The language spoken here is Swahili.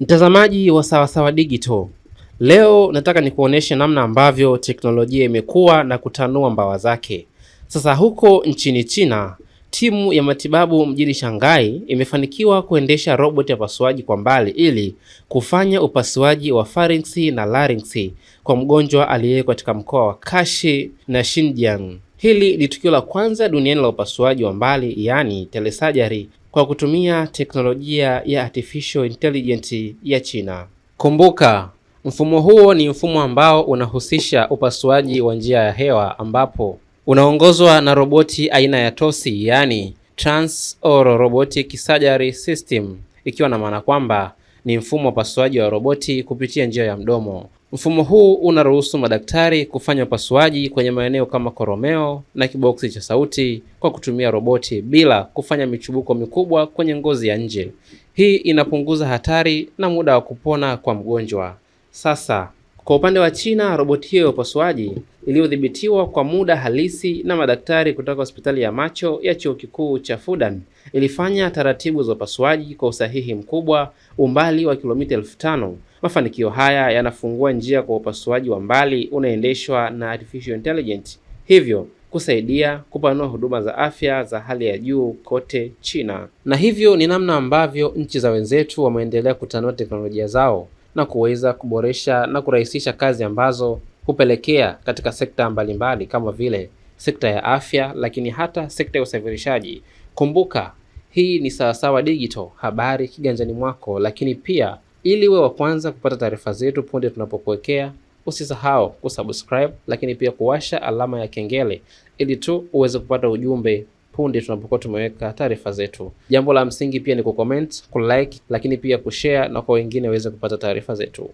Mtazamaji wa Sawasawa Digital, leo nataka nikuoneshe namna ambavyo teknolojia imekuwa na kutanua mbawa zake. Sasa huko nchini China, timu ya matibabu mjini Shanghai imefanikiwa kuendesha robot ya upasuaji kwa mbali ili kufanya upasuaji wa pharynx na larynx kwa mgonjwa aliyeko katika mkoa wa Kashi na Xinjiang. Hili ni tukio la kwanza duniani la upasuaji wa mbali, yaani telesajari kwa kutumia teknolojia ya artificial intelligence ya China. Kumbuka, mfumo huo ni mfumo ambao unahusisha upasuaji wa njia ya hewa ambapo unaongozwa na roboti aina ya tosi, yani Trans-Oral Robotic Surgery System, ikiwa na maana kwamba ni mfumo wa upasuaji wa roboti kupitia njia ya mdomo Mfumo huu unaruhusu madaktari kufanya upasuaji kwenye maeneo kama koromeo na kiboksi cha sauti kwa kutumia roboti bila kufanya michubuko mikubwa kwenye ngozi ya nje. Hii inapunguza hatari na muda wa kupona kwa mgonjwa. Sasa kwa upande wa China, roboti hiyo ya upasuaji iliyodhibitiwa kwa muda halisi na madaktari kutoka hospitali ya macho ya chuo kikuu cha Fudan ilifanya taratibu za upasuaji kwa usahihi mkubwa, umbali wa kilomita elfu tano. Mafanikio haya yanafungua njia kwa upasuaji wa mbali unaendeshwa na artificial intelligence, hivyo kusaidia kupanua huduma za afya za hali ya juu kote China. Na hivyo ni namna ambavyo nchi za wenzetu wameendelea kutanua teknolojia zao na kuweza kuboresha na kurahisisha kazi ambazo hupelekea katika sekta mbalimbali kama vile sekta ya afya, lakini hata sekta ya usafirishaji. Kumbuka hii ni Sawasawa Digital, habari kiganjani mwako. Lakini pia ili uwe wa kwanza kupata taarifa zetu punde tunapokuwekea, usisahau kusubscribe, lakini pia kuwasha alama ya kengele ili tu uweze kupata ujumbe punde tunapokuwa tumeweka taarifa zetu. Jambo la msingi pia ni kucomment, kulike, lakini pia kushare na kwa wengine waweze kupata taarifa zetu.